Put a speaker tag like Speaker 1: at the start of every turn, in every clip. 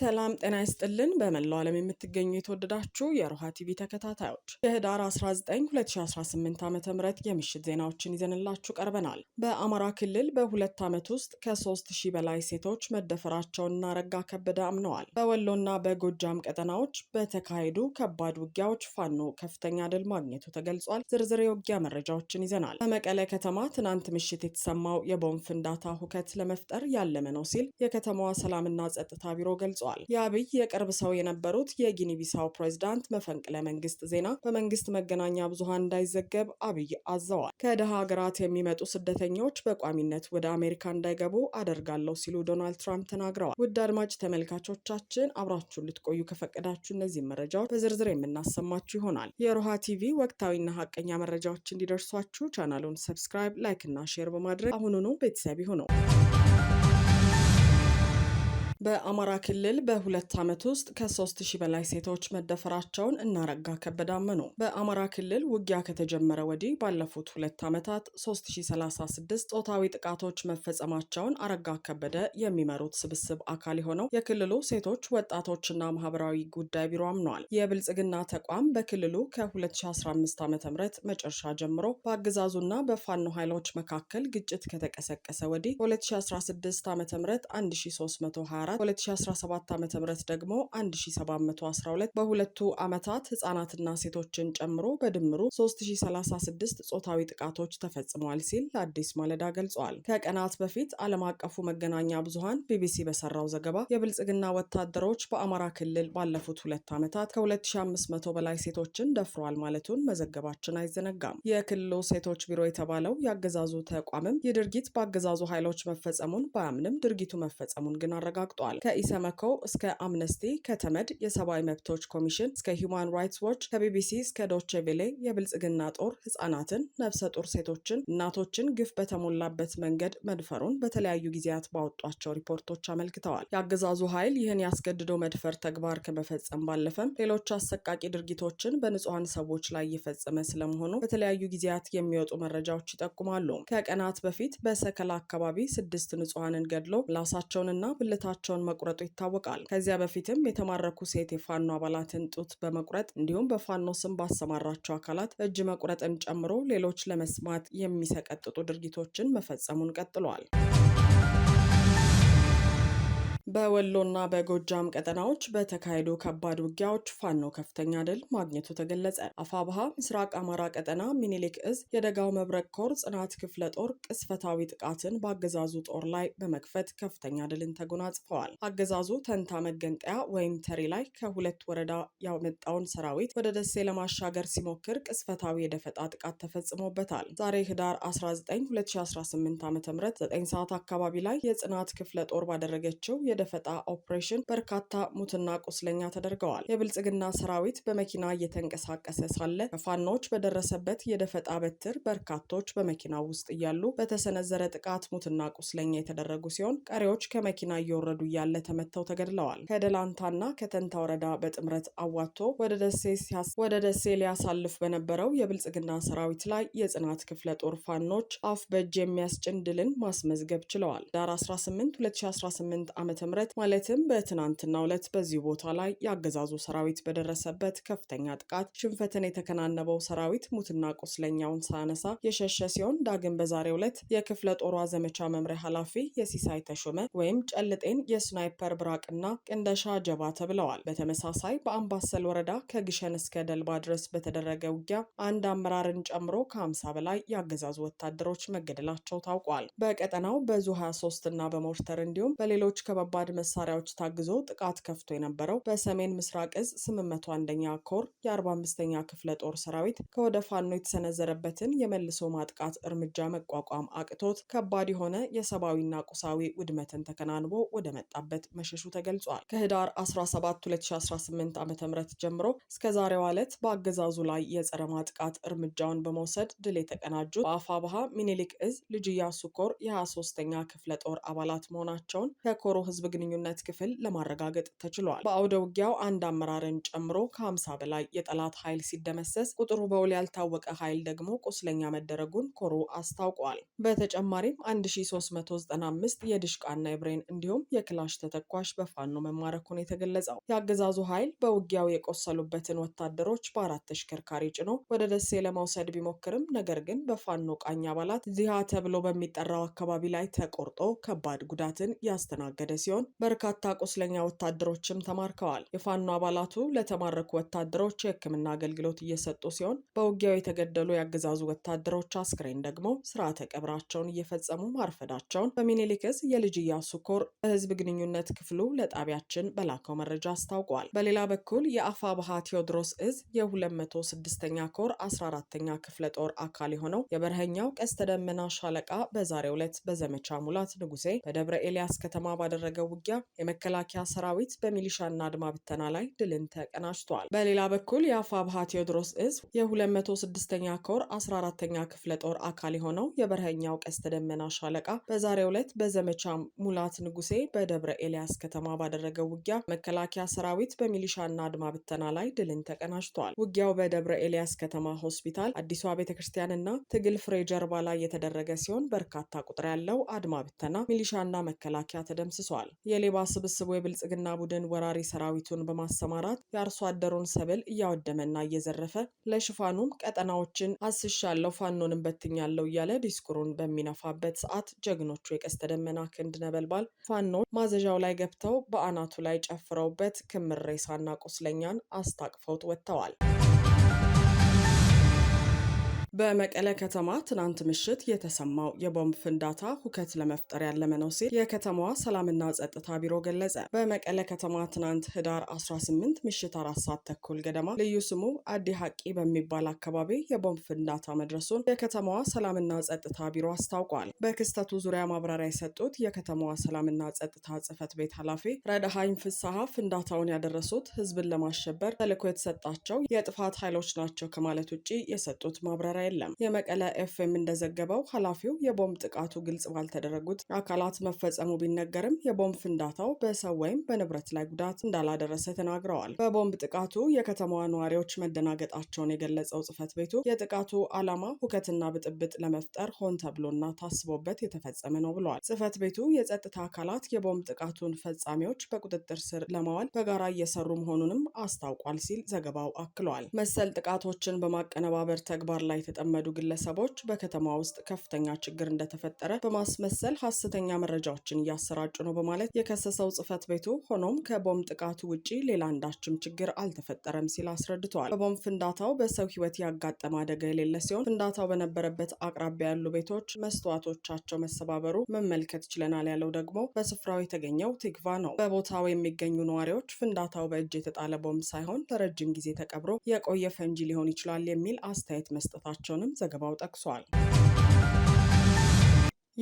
Speaker 1: ሰላም ጤና ይስጥልን። በመላው ዓለም የምትገኙ የተወደዳችሁ የሮሃ ቲቪ ተከታታዮች የህዳር 19 2018 ዓ ም የምሽት ዜናዎችን ይዘንላችሁ ቀርበናል። በአማራ ክልል በሁለት ዓመት ውስጥ ከ3 ሺህ በላይ ሴቶች መደፈራቸውና ረጋ ከበደ አምነዋል። በወሎና በጎጃም ቀጠናዎች በተካሄዱ ከባድ ውጊያዎች ፋኖ ከፍተኛ ድል ማግኘቱ ተገልጿል። ዝርዝር የውጊያ መረጃዎችን ይዘናል። በመቀለ ከተማ ትናንት ምሽት የተሰማው የቦምብ ፍንዳታ ሁከት ለመፍጠር ያለመ ነው ሲል የከተማዋ ሰላምና ጸጥታ ቢሮ ገልጿል። ገልጿል። የአብይ የቅርብ ሰው የነበሩት የጊኒ ቢሳው ፕሬዚዳንት መፈንቅለ መንግስት ዜና በመንግስት መገናኛ ብዙሃን እንዳይዘገብ አብይ አዘዋል። ከድሃ ሀገራት የሚመጡ ስደተኞች በቋሚነት ወደ አሜሪካ እንዳይገቡ አደርጋለሁ ሲሉ ዶናልድ ትራምፕ ተናግረዋል። ውድ አድማጭ ተመልካቾቻችን አብራችሁን ልትቆዩ ከፈቀዳችሁ እነዚህ መረጃዎች በዝርዝር የምናሰማችሁ ይሆናል። የሮሃ ቲቪ ወቅታዊና ሀቀኛ መረጃዎች እንዲደርሷችሁ ቻናሉን ሰብስክራይብ፣ ላይክ እና ሼር በማድረግ አሁኑኑ ቤተሰብ ይሁኑ። በአማራ ክልል በሁለት ዓመት ውስጥ ከሶስት ሺህ በላይ ሴቶች መደፈራቸውን እናረጋ ከበደ አመኑ። በአማራ ክልል ውጊያ ከተጀመረ ወዲህ ባለፉት ሁለት ዓመታት 3036 ጾታዊ ጥቃቶች መፈጸማቸውን አረጋ ከበደ የሚመሩት ስብስብ አካል የሆነው የክልሉ ሴቶች ወጣቶችና ማህበራዊ ጉዳይ ቢሮ አምኗል። የብልጽግና ተቋም በክልሉ ከ2015 ዓ ም መጨረሻ ጀምሮ በአገዛዙና በፋኖ ኃይሎች መካከል ግጭት ከተቀሰቀሰ ወዲህ 2016 ዓ ም 1324 2014 2017 ዓ ም ደግሞ 1712 በሁለቱ ዓመታት ህጻናትና ሴቶችን ጨምሮ በድምሩ 3036 ጾታዊ ጥቃቶች ተፈጽመዋል ሲል ለአዲስ ማለዳ ገልጿል። ከቀናት በፊት ዓለም አቀፉ መገናኛ ብዙሃን ቢቢሲ በሰራው ዘገባ የብልጽግና ወታደሮች በአማራ ክልል ባለፉት ሁለት ዓመታት ከ2500 በላይ ሴቶችን ደፍረዋል ማለቱን መዘገባችን አይዘነጋም። የክልሉ ሴቶች ቢሮ የተባለው የአገዛዙ ተቋምም ይህ ድርጊት በአገዛዙ ኃይሎች መፈጸሙን ባያምንም ድርጊቱ መፈጸሙን ግን አረጋግጧል። ተረጋግጧል። ከኢሰመኮ እስከ አምነስቲ፣ ከተመድ፣ የሰብአዊ መብቶች ኮሚሽን እስከ ሂውማን ራይትስ ዎች፣ ከቢቢሲ እስከ ዶቼ ቬሌ የብልጽግና ጦር ህጻናትን፣ ነፍሰ ጡር ሴቶችን፣ እናቶችን ግፍ በተሞላበት መንገድ መድፈሩን በተለያዩ ጊዜያት ባወጧቸው ሪፖርቶች አመልክተዋል። የአገዛዙ ኃይል ይህን ያስገድዶ መድፈር ተግባር ከመፈጸም ባለፈም ሌሎች አሰቃቂ ድርጊቶችን በንጹሐን ሰዎች ላይ እየፈጸመ ስለመሆኑ በተለያዩ ጊዜያት የሚወጡ መረጃዎች ይጠቁማሉ። ከቀናት በፊት በሰከላ አካባቢ ስድስት ንጹሐንን ገድሎ ምላሳቸውንና ብልታቸውን ጡታቸውን መቁረጡ ይታወቃል። ከዚያ በፊትም የተማረኩ ሴት የፋኖ አባላትን ጡት በመቁረጥ እንዲሁም በፋኖ ስም ባሰማራቸው አካላት እጅ መቁረጥን ጨምሮ ሌሎች ለመስማት የሚሰቀጥጡ ድርጊቶችን መፈጸሙን ቀጥሏል። በወሎና በጎጃም ቀጠናዎች በተካሄዱ ከባድ ውጊያዎች ፋኖ ከፍተኛ ድል ማግኘቱ ተገለጸ። አፋብሃ ምስራቅ አማራ ቀጠና ሚኒሊክ እዝ የደጋው መብረቅ ኮር ጽናት ክፍለ ጦር ቅስፈታዊ ጥቃትን በአገዛዙ ጦር ላይ በመክፈት ከፍተኛ ድልን ተጎናጽፈዋል። አገዛዙ ተንታ መገንጠያ ወይም ተሪ ላይ ከሁለት ወረዳ ያመጣውን ሰራዊት ወደ ደሴ ለማሻገር ሲሞክር ቅስፈታዊ የደፈጣ ጥቃት ተፈጽሞበታል። ዛሬ ህዳር 19 2018 ዓ ም 9 ሰዓት አካባቢ ላይ የጽናት ክፍለ ጦር ባደረገችው የደፈጣ ኦፕሬሽን በርካታ ሙትና ቁስለኛ ተደርገዋል። የብልጽግና ሰራዊት በመኪና እየተንቀሳቀሰ ሳለ ከፋኖች በደረሰበት የደፈጣ በትር በርካቶች በመኪና ውስጥ እያሉ በተሰነዘረ ጥቃት ሙትና ቁስለኛ የተደረጉ ሲሆን ቀሪዎች ከመኪና እየወረዱ እያለ ተመተው ተገድለዋል። ከደላንታና ከተንታ ወረዳ በጥምረት አዋቶ ወደ ደሴ ሊያሳልፍ በነበረው የብልጽግና ሰራዊት ላይ የጽናት ክፍለ ጦር ፋኖች አፍ በእጅ የሚያስጭን ድልን ማስመዝገብ ችለዋል። ዳር 18 2018 ዓ ማለትም በትናንትና ዕለት በዚህ ቦታ ላይ የአገዛዙ ሰራዊት በደረሰበት ከፍተኛ ጥቃት ሽንፈትን የተከናነበው ሰራዊት ሙትና ቁስለኛውን ሳያነሳ የሸሸ ሲሆን ዳግም በዛሬው ዕለት የክፍለ ጦሯ ዘመቻ መምሪያ ኃላፊ የሲሳይ ተሾመ ወይም ጨልጤን የስናይፐር ብራቅና ቅንደሻ ጀባ ተብለዋል። በተመሳሳይ በአምባሰል ወረዳ ከግሸን እስከ ደልባ ድረስ በተደረገ ውጊያ አንድ አመራርን ጨምሮ ከ50 በላይ የአገዛዙ ወታደሮች መገደላቸው ታውቋል። በቀጠናው በዙ 23 እና በሞርተር እንዲሁም በሌሎች ከባባ በከባድ መሳሪያዎች ታግዞ ጥቃት ከፍቶ የነበረው በሰሜን ምስራቅ እዝ ስምንት ኛ ኮር ኮር 45 ኛ ክፍለ ጦር ሰራዊት ከወደ ፋኖ የተሰነዘረበትን የመልሶ ማጥቃት እርምጃ መቋቋም አቅቶት ከባድ የሆነ የሰብአዊና ቁሳዊ ውድመትን ተከናንቦ ወደ መጣበት መሸሹ ተገልጿል። ከህዳር 17 2018 ዓ ም ጀምሮ እስከ ዛሬዋ ዕለት በአገዛዙ ላይ የጸረ ማጥቃት እርምጃውን በመውሰድ ድል የተቀናጁት በአፋ ባሃ ሚኒሊክ እዝ ልጅ ኢያሱ ኮር የ23ኛ ክፍለ ጦር አባላት መሆናቸውን ከኮሮ ህዝብ ግንኙነት ክፍል ለማረጋገጥ ተችሏል። በአውደ ውጊያው አንድ አመራርን ጨምሮ ከ50 በላይ የጠላት ኃይል ሲደመሰስ ቁጥሩ በውል ያልታወቀ ኃይል ደግሞ ቁስለኛ መደረጉን ኮሩ አስታውቋል። በተጨማሪም 1395 የድሽቃና የብሬን እንዲሁም የክላሽ ተተኳሽ በፋኖ መማረኩን የተገለጸው የአገዛዙ ኃይል በውጊያው የቆሰሉበትን ወታደሮች በአራት ተሽከርካሪ ጭኖ ወደ ደሴ ለመውሰድ ቢሞክርም ነገር ግን በፋኖ ቃኝ አባላት ዚሃ ተብሎ በሚጠራው አካባቢ ላይ ተቆርጦ ከባድ ጉዳትን ያስተናገደ ሲሆን ሲሆን በርካታ ቁስለኛ ወታደሮችም ተማርከዋል። የፋኖ አባላቱ ለተማረኩ ወታደሮች የሕክምና አገልግሎት እየሰጡ ሲሆን በውጊያው የተገደሉ የአገዛዙ ወታደሮች አስክሬን ደግሞ ስርዓተ ቀብራቸውን እየፈጸሙ ማርፈዳቸውን በሚኒሊክስ እዝ የልጅ ኮር በህዝብ ግንኙነት ክፍሉ ለጣቢያችን በላከው መረጃ አስታውቋል። በሌላ በኩል የአፋ ባሃ ቴዎድሮስ እዝ የ206ኛ ኮር 14ኛ ክፍለ ጦር አካል የሆነው የበረሀኛው ቀስተ ደመና ሻለቃ በዛሬው ዕለት በዘመቻ ሙላት ንጉሴ በደብረ ኤልያስ ከተማ ባደረገው ውጊያ የመከላከያ ሰራዊት በሚሊሻና አድማ ብተና ላይ ድልን ተቀናጅቷል። በሌላ በኩል የአፋ ብሃ ቴዎድሮስ እዝ የ206ኛ ኮር 14ኛ ክፍለ ጦር አካል የሆነው የበረሀኛው ቀስተ ደመና ሻለቃ በዛሬው ዕለት በዘመቻ ሙላት ንጉሴ በደብረ ኤልያስ ከተማ ባደረገው ውጊያ መከላከያ ሰራዊት በሚሊሻና አድማ ብተና ላይ ድልን ተቀናጅቷል። ውጊያው በደብረ ኤልያስ ከተማ ሆስፒታል፣ አዲሷ ቤተ ክርስቲያንና ትግል ፍሬ ጀርባ ላይ የተደረገ ሲሆን በርካታ ቁጥር ያለው አድማ ብተና ሚሊሻና መከላከያ ተደምስሷል። የሌባ ስብስቡ የብልጽግና ቡድን ወራሪ ሰራዊቱን በማሰማራት የአርሶ አደሩን ሰብል እያወደመና እየዘረፈ ለሽፋኑም ቀጠናዎችን አስሻለው ፋኖንም በትኛለው እያለ ዲስኩሩን በሚነፋበት ሰዓት ጀግኖቹ የቀስተ ደመና ክንድ ነበልባል ፋኖ ማዘዣው ላይ ገብተው በአናቱ ላይ ጨፍረውበት ክምር ሬሳና ቁስለኛን አስታቅፈውት ወጥተዋል። በመቀለ ከተማ ትናንት ምሽት የተሰማው የቦምብ ፍንዳታ ሁከት ለመፍጠር ያለመ ነው ሲል የከተማዋ ሰላምና ጸጥታ ቢሮ ገለጸ። በመቀለ ከተማ ትናንት ህዳር 18 ምሽት አራት ሰዓት ተኩል ገደማ ልዩ ስሙ አዲ ሀቂ በሚባል አካባቢ የቦምብ ፍንዳታ መድረሱን የከተማዋ ሰላምና ጸጥታ ቢሮ አስታውቋል። በክስተቱ ዙሪያ ማብራሪያ የሰጡት የከተማዋ ሰላምና ጸጥታ ጽህፈት ቤት ኃላፊ ረዳሃኝ ፍስሐ ፍንዳታውን ያደረሱት ህዝብን ለማሸበር ተልዕኮ የተሰጣቸው የጥፋት ኃይሎች ናቸው ከማለት ውጭ የሰጡት ማብራሪያ የለም። የመቀለ ኤፍኤም እንደዘገበው ኃላፊው የቦምብ ጥቃቱ ግልጽ ባልተደረጉት አካላት መፈጸሙ ቢነገርም የቦምብ ፍንዳታው በሰው ወይም በንብረት ላይ ጉዳት እንዳላደረሰ ተናግረዋል። በቦምብ ጥቃቱ የከተማዋ ነዋሪዎች መደናገጣቸውን የገለጸው ጽሕፈት ቤቱ የጥቃቱ ዓላማ ሁከትና ብጥብጥ ለመፍጠር ሆን ተብሎና ታስቦበት የተፈጸመ ነው ብለዋል። ጽሕፈት ቤቱ የጸጥታ አካላት የቦምብ ጥቃቱን ፈጻሚዎች በቁጥጥር ስር ለማዋል በጋራ እየሰሩ መሆኑንም አስታውቋል ሲል ዘገባው አክሏል። መሰል ጥቃቶችን በማቀነባበር ተግባር ላይ የተጠመዱ ግለሰቦች በከተማ ውስጥ ከፍተኛ ችግር እንደተፈጠረ በማስመሰል ሀሰተኛ መረጃዎችን እያሰራጩ ነው በማለት የከሰሰው ጽህፈት ቤቱ ሆኖም ከቦምብ ጥቃቱ ውጪ ሌላ አንዳችም ችግር አልተፈጠረም ሲል አስረድተዋል። በቦምብ ፍንዳታው በሰው ህይወት ያጋጠመ አደጋ የሌለ ሲሆን ፍንዳታው በነበረበት አቅራቢያ ያሉ ቤቶች መስተዋቶቻቸው መሰባበሩ መመልከት ችለናል ያለው ደግሞ በስፍራው የተገኘው ትግቫ ነው። በቦታው የሚገኙ ነዋሪዎች ፍንዳታው በእጅ የተጣለ ቦምብ ሳይሆን ለረጅም ጊዜ ተቀብሮ የቆየ ፈንጂ ሊሆን ይችላል የሚል አስተያየት መስጠታቸው መሆናቸውንም ዘገባው ጠቅሷል።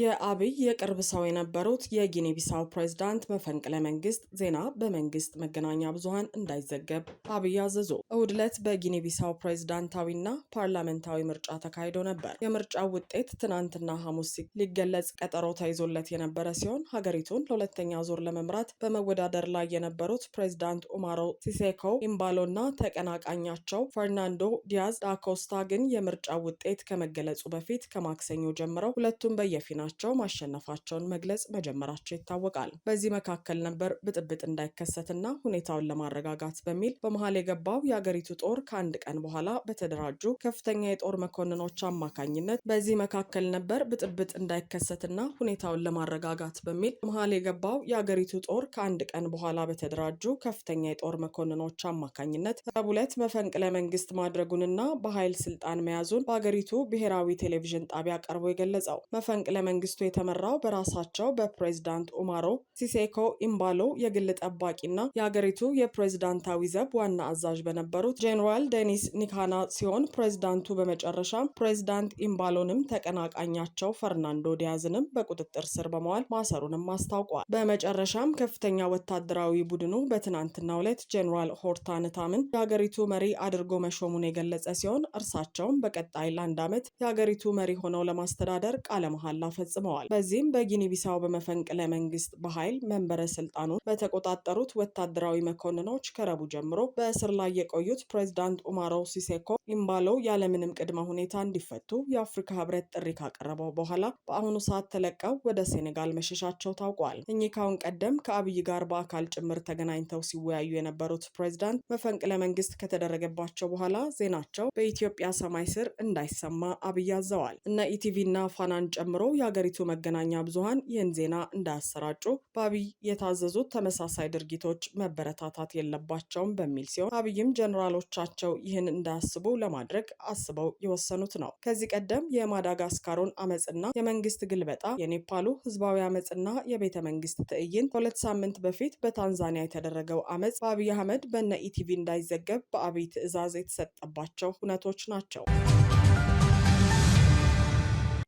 Speaker 1: የአብይ የቅርብ ሰው የነበሩት የጊኒ ቢሳው ፕሬዝዳንት መፈንቅለ መንግስት ዜና በመንግስት መገናኛ ብዙሀን እንዳይዘገብ አብይ አዘዙ። እሁድ ዕለት በጊኒ ቢሳው ፕሬዝዳንታዊና ፓርላመንታዊ ምርጫ ተካሂዶ ነበር። የምርጫው ውጤት ትናንትና ሐሙስ ሊገለጽ ቀጠሮ ተይዞለት የነበረ ሲሆን ሀገሪቱን ለሁለተኛ ዙር ለመምራት በመወዳደር ላይ የነበሩት ፕሬዝዳንት ኡማሮ ሲሴኮ ኢምባሎና ተቀናቃኛቸው ፈርናንዶ ዲያዝ ዳኮስታ ግን የምርጫው ውጤት ከመገለጹ በፊት ከማክሰኞ ጀምረው ሁለቱም በየፊና በቡድናቸው ማሸነፋቸውን መግለጽ መጀመራቸው ይታወቃል። በዚህ መካከል ነበር ብጥብጥ እንዳይከሰትና ሁኔታውን ለማረጋጋት በሚል በመሀል የገባው የአገሪቱ ጦር ከአንድ ቀን በኋላ በተደራጁ ከፍተኛ የጦር መኮንኖች አማካኝነት በዚህ መካከል ነበር ብጥብጥ እንዳይከሰትና ሁኔታውን ለማረጋጋት በሚል በመሀል የገባው የአገሪቱ ጦር ከአንድ ቀን በኋላ በተደራጁ ከፍተኛ የጦር መኮንኖች አማካኝነት ረቡለት መፈንቅለ መንግስት ማድረጉንና በኃይል ስልጣን መያዙን በአገሪቱ ብሔራዊ ቴሌቪዥን ጣቢያ ቀርቦ የገለጸው መፈንቅለ መንግስቱ የተመራው በራሳቸው በፕሬዝዳንት ኡማሮ ሲሴኮ ኢምባሎ የግል ጠባቂና የአገሪቱ የፕሬዝዳንታዊ ዘብ ዋና አዛዥ በነበሩት ጄኔራል ዴኒስ ኒካና ሲሆን ፕሬዝዳንቱ በመጨረሻ ፕሬዝዳንት ኢምባሎንም ተቀናቃኛቸው ፈርናንዶ ዲያዝንም በቁጥጥር ስር በመዋል ማሰሩንም አስታውቋል። በመጨረሻም ከፍተኛ ወታደራዊ ቡድኑ በትናንትናው ዕለት ጄኔራል ሆርታ ንታምን የአገሪቱ መሪ አድርጎ መሾሙን የገለጸ ሲሆን እርሳቸውም በቀጣይ ለአንድ ዓመት የአገሪቱ መሪ ሆነው ለማስተዳደር ቃለ መሐላ ፈጽመዋል። በዚህም በጊኒ ቢሳው በመፈንቅለ መንግስት በኃይል መንበረ ስልጣኑን በተቆጣጠሩት ወታደራዊ መኮንኖች ከረቡ ጀምሮ በእስር ላይ የቆዩት ፕሬዚዳንት ኡማሮ ሲሴኮ ኢምባሎ ያለምንም ቅድመ ሁኔታ እንዲፈቱ የአፍሪካ ህብረት ጥሪ ካቀረበው በኋላ በአሁኑ ሰዓት ተለቀው ወደ ሴኔጋል መሸሻቸው ታውቋል። እኚህ ካሁን ቀደም ከአብይ ጋር በአካል ጭምር ተገናኝተው ሲወያዩ የነበሩት ፕሬዚዳንት መፈንቅለ መንግስት ከተደረገባቸው በኋላ ዜናቸው በኢትዮጵያ ሰማይ ስር እንዳይሰማ አብይ አዘዋል። እነ ኢቲቪ እና ፋናን ጨምሮ የሀገሪቱ መገናኛ ብዙሀን ይህን ዜና እንዳያሰራጩ በአብይ የታዘዙት ተመሳሳይ ድርጊቶች መበረታታት የለባቸውም በሚል ሲሆን አብይም ጀኔራሎቻቸው ይህን እንዳያስቡ ለማድረግ አስበው የወሰኑት ነው። ከዚህ ቀደም የማዳጋስካሩን አመፅና የመንግስት ግልበጣ፣ የኔፓሉ ህዝባዊ አመፅና የቤተ መንግስት ትዕይንት፣ ከሁለት ሳምንት በፊት በታንዛኒያ የተደረገው አመፅ በአብይ አህመድ በነ ኢቲቪ እንዳይዘገብ በአብይ ትዕዛዝ የተሰጠባቸው ሁነቶች ናቸው።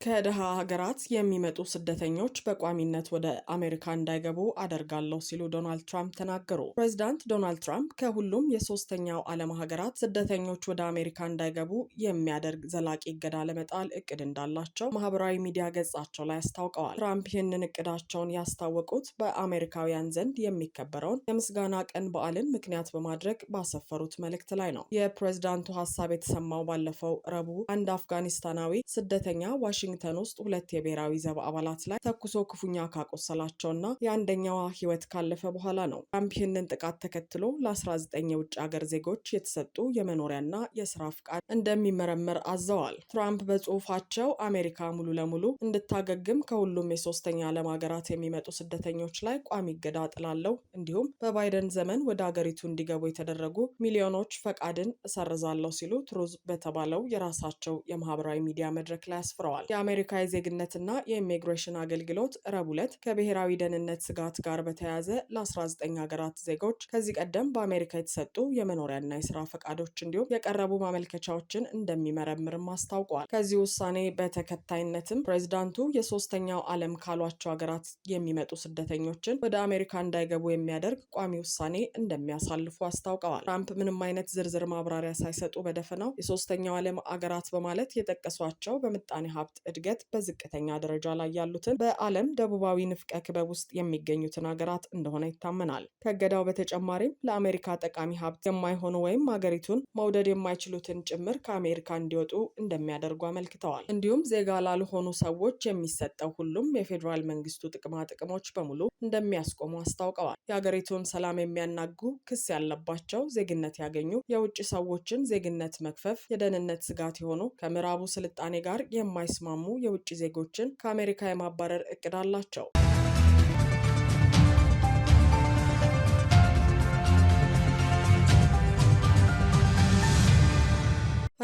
Speaker 1: ከድሃ ሀገራት የሚመጡ ስደተኞች በቋሚነት ወደ አሜሪካ እንዳይገቡ አደርጋለሁ ሲሉ ዶናልድ ትራምፕ ተናገሩ። ፕሬዚዳንት ዶናልድ ትራምፕ ከሁሉም የሶስተኛው ዓለም ሀገራት ስደተኞች ወደ አሜሪካ እንዳይገቡ የሚያደርግ ዘላቂ እገዳ ለመጣል እቅድ እንዳላቸው ማህበራዊ ሚዲያ ገጻቸው ላይ አስታውቀዋል። ትራምፕ ይህንን እቅዳቸውን ያስታወቁት በአሜሪካውያን ዘንድ የሚከበረውን የምስጋና ቀን በዓልን ምክንያት በማድረግ ባሰፈሩት መልእክት ላይ ነው። የፕሬዚዳንቱ ሀሳብ የተሰማው ባለፈው ረቡዕ አንድ አፍጋኒስታናዊ ስደተኛ ዋሽንግተን ዋሽንግተን ውስጥ ሁለት የብሔራዊ ዘብ አባላት ላይ ተኩሶ ክፉኛ ካቆሰላቸውና የአንደኛዋ ህይወት ካለፈ በኋላ ነው። ትራምፕ ይህንን ጥቃት ተከትሎ ለ19 የውጭ ሀገር ዜጎች የተሰጡ የመኖሪያና የስራ ፍቃድ እንደሚመረመር አዘዋል። ትራምፕ በጽሁፋቸው አሜሪካ ሙሉ ለሙሉ እንድታገግም ከሁሉም የሶስተኛ ዓለም ሀገራት የሚመጡ ስደተኞች ላይ ቋሚ እገዳ ጥላለው፣ እንዲሁም በባይደን ዘመን ወደ አገሪቱ እንዲገቡ የተደረጉ ሚሊዮኖች ፈቃድን እሰርዛለሁ ሲሉ ትሩዝ በተባለው የራሳቸው የማህበራዊ ሚዲያ መድረክ ላይ አስፍረዋል። የአሜሪካ የዜግነትና የኢሚግሬሽን አገልግሎት ረቡዕ ዕለት ከብሔራዊ ደህንነት ስጋት ጋር በተያያዘ ለ19 ሀገራት ዜጎች ከዚህ ቀደም በአሜሪካ የተሰጡ የመኖሪያና የስራ ፈቃዶች እንዲሁም የቀረቡ ማመልከቻዎችን እንደሚመረምርም አስታውቋል። ከዚህ ውሳኔ በተከታይነትም ፕሬዚዳንቱ የሶስተኛው ዓለም ካሏቸው ሀገራት የሚመጡ ስደተኞችን ወደ አሜሪካ እንዳይገቡ የሚያደርግ ቋሚ ውሳኔ እንደሚያሳልፉ አስታውቀዋል። ትራምፕ ምንም አይነት ዝርዝር ማብራሪያ ሳይሰጡ በደፈናው የሶስተኛው ዓለም አገራት በማለት የጠቀሷቸው በምጣኔ ሀብት እድገት በዝቅተኛ ደረጃ ላይ ያሉትን በዓለም ደቡባዊ ንፍቀ ክበብ ውስጥ የሚገኙትን ሀገራት እንደሆነ ይታመናል። ከእገዳው በተጨማሪም ለአሜሪካ ጠቃሚ ሀብት የማይሆኑ ወይም ሀገሪቱን መውደድ የማይችሉትን ጭምር ከአሜሪካ እንዲወጡ እንደሚያደርጉ አመልክተዋል። እንዲሁም ዜጋ ላልሆኑ ሰዎች የሚሰጠው ሁሉም የፌዴራል መንግስቱ ጥቅማ ጥቅሞች በሙሉ እንደሚያስቆሙ አስታውቀዋል። የሀገሪቱን ሰላም የሚያናጉ ክስ ያለባቸው ዜግነት ያገኙ የውጭ ሰዎችን ዜግነት መክፈፍ የደህንነት ስጋት የሆኑ ከምዕራቡ ስልጣኔ ጋር የማይስማሙ የተስማሙ የውጭ ዜጎችን ከአሜሪካ የማባረር እቅድ አላቸው።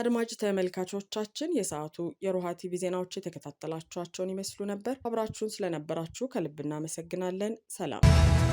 Speaker 1: አድማጭ ተመልካቾቻችን የሰዓቱ የሮሃ ቲቪ ዜናዎች የተከታተላችኋቸውን ይመስሉ ነበር። አብራችሁን ስለነበራችሁ ከልብ እናመሰግናለን። ሰላም